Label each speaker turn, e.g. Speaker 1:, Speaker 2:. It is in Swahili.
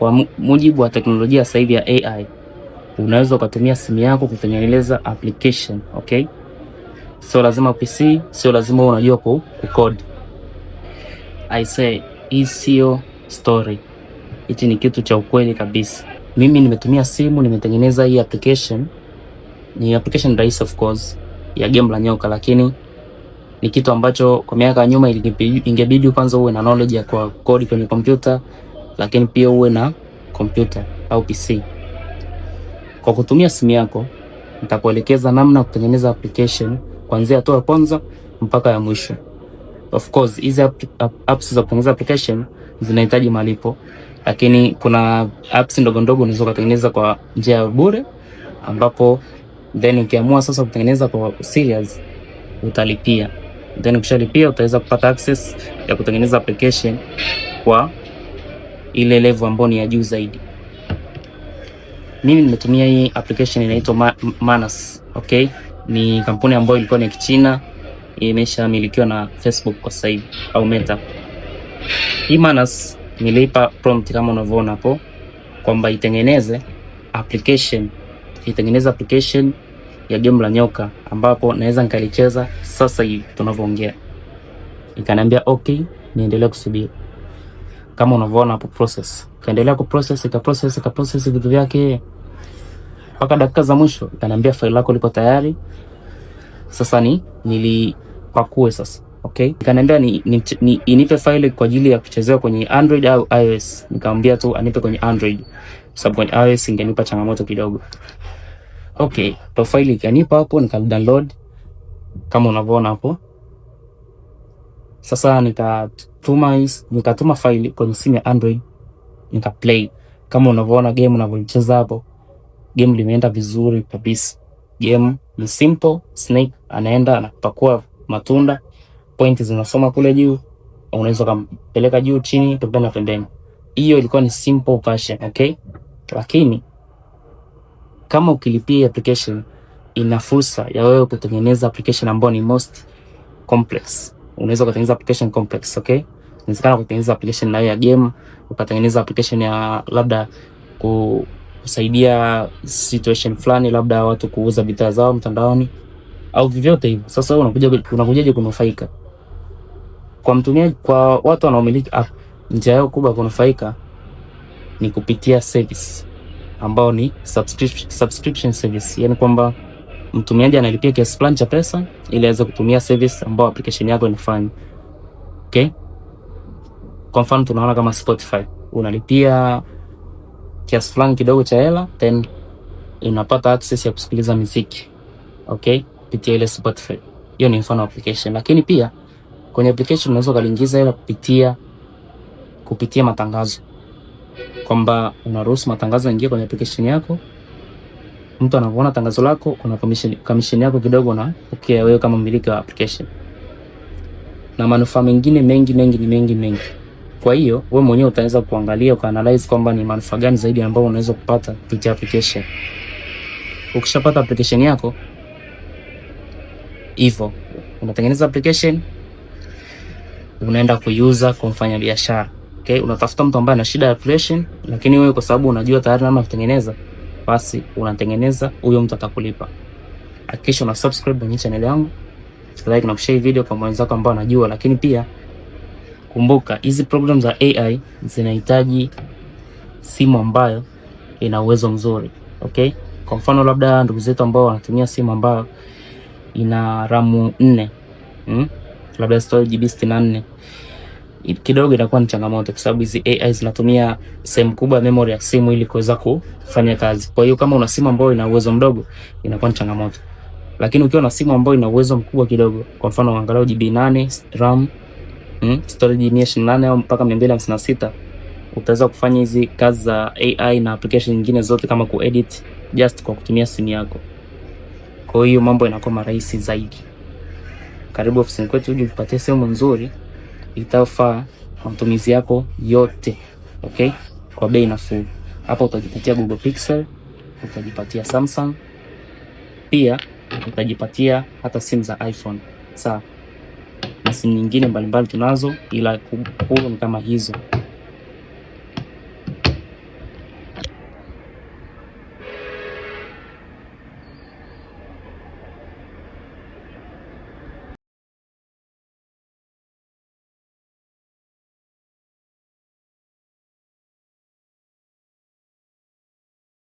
Speaker 1: Kwa mujibu wa teknolojia sasa hivi ya AI, unaweza ukatumia simu yako kutengeneza application, okay? Sio lazima PC, sio lazima unajua ku ku code. I say hii sio story, hichi ni kitu cha ukweli kabisa. Mimi nimetumia simu, nimetengeneza hii application. Ni application rahisi of course ya game la nyoka, lakini ni kitu ambacho kwa miaka ya nyuma ingebidi kwanza uwe na knowledge ya kwa code kwenye kompyuta lakini pia uwe na kompyuta au PC. Kwa kutumia simu yako, nitakuelekeza namna ya kutengeneza application kuanzia hatua ya kwanza mpaka ya mwisho. Of course hizi apps za kutengeneza application zinahitaji malipo, lakini kuna apps ndogo ndogo unaweza kutengeneza kwa njia ya bure, ambapo then ukiamua sasa kutengeneza kwa serious utalipia, then ukishalipia utaweza kupata access ya kutengeneza application kwa ile level ambayo ni ya juu zaidi. Mimi nimetumia hii application inaitwa Manas, okay? Ni kampuni ambayo ilikuwa ni ya Kichina, imeshamilikiwa na Facebook kwa sasa hivi au Meta. Hii Manas nilipa prompt kama unavyoona hapo kwamba itengeneze application, itengeneze application ya game la nyoka ambapo naweza nikalicheza sasa hivi tunavyoongea. Ikaniambia okay, niendelee kusubiri kama unavyoona hapo process. Kaendelea ku process, ka process, ka process vitu vyake mpaka dakika za mwisho ikaniambia faili lako liko tayari. Sasa ni nilipakue sasa. Okay. Ikaniambia ni, ni, ni, inipe faili kwa ajili ya kuchezewa kwenye Android au iOS. Nikamwambia tu anipe kwenye Android. Sababu kwenye iOS ingenipa changamoto kidogo. Okay, to faili ikanipa hapo nika download kama unavyoona hapo. Sasa nitatuma nikatuma file kwenye simu ya Android, nika play. kama unavyoona game unavyocheza hapo. Game limeenda vizuri kabisa. Game ni simple, Snake anaenda anapakua matunda, pointi zinasoma kule juu, unaweza kumpeleka juu chini, tokana na pembeni. Hiyo ilikuwa ni simple version, okay? Lakini kama ukilipia application ina fursa ya wewe kutengeneza application ambayo ni most complex unaweza kutengeneza application complex, okay? Inawezekana kutengeneza application nayo ya game, ukatengeneza application ya labda kusaidia situation fulani, labda watu kuuza bidhaa zao mtandaoni au vyovyote hivyo. Sasa wewe unakuja unakujaje kunufaika kwa mtumiaji, kwa watu wanaomiliki app? Njia yao kubwa kunufaika ni kupitia service ambao ni subscription, subscription service, yani kwamba mtumiaji analipia kiasi fulani cha pesa ili aweze kutumia service ambayo application yako inafanya. Okay? Kwa mfano tunaona kama Spotify unalipia kiasi fulani kidogo cha hela then unapata access ya kusikiliza muziki. Okay? Kupitia ile Spotify. Hiyo ni mfano application, lakini pia kwenye application unaweza kuingiza hela kupitia kupitia matangazo kwamba unaruhusu matangazo yaingie kwenye application yako mtu anapoona tangazo lako una commission, commission yako kidogo na okay, wewe kama mmiliki wa application. Na manufaa mengine mengi mengi ni mengi mengi. Kwa hiyo wewe mwenyewe utaweza kuangalia kwa analyze kwamba ni manufaa gani zaidi ambayo unaweza kupata kupitia application. Ukishapata application yako hivyo unatengeneza application unaenda kuiuza kwa mfanya biashara. Okay, unatafuta mtu ambaye ana shida ya application, lakini wewe kwa sababu unajua tayari namna kutengeneza basi unatengeneza, huyo mtu atakulipa. Hakikisha una subscribe kwenye channel yangu, like na kushare video kwa wenzako ambao anajua lakini pia kumbuka hizi program za AI zinahitaji simu ambayo ina uwezo mzuri. Okay? Kwa mfano labda ndugu zetu ambao wanatumia simu ambayo ina ramu nne, hmm? labda storage GB kidogo inakuwa ni changamoto, kwa sababu hizi AI zinatumia sehemu kubwa ya memory ya simu ili kuweza kufanya kazi. Kwa hiyo kama una simu ambayo ina uwezo mdogo, inakuwa ni changamoto, lakini ukiwa na simu ambayo ina uwezo mkubwa kidogo, kwa mfano angalau GB 8 RAM, mm, storage ni 28 au mpaka 256 utaweza kufanya hizi kazi za AI na application nyingine zote kama kuedit just kwa kutumia simu yako. Kwa hiyo mambo yanakuwa marahisi zaidi. Karibu ofisini kwetu uje upatie simu nzuri itafaa kwa matumizi yako yote okay, kwa bei nafuu. Hapa utajipatia Google Pixel, utajipatia Samsung, pia utajipatia hata simu za iPhone sawa, na simu nyingine mbalimbali tunazo, ila kubwa ni kama hizo.